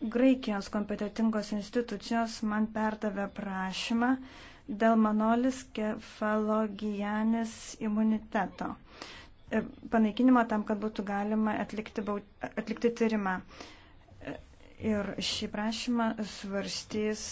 Graikijos kompetitingos institucijos man perdavė prašymą dėl Manolis kefalogijanis imuniteto e, panaikinimo tam, kad būtų galima atlikti, atlikti tyrimą. E, ir šį prašymą svarstys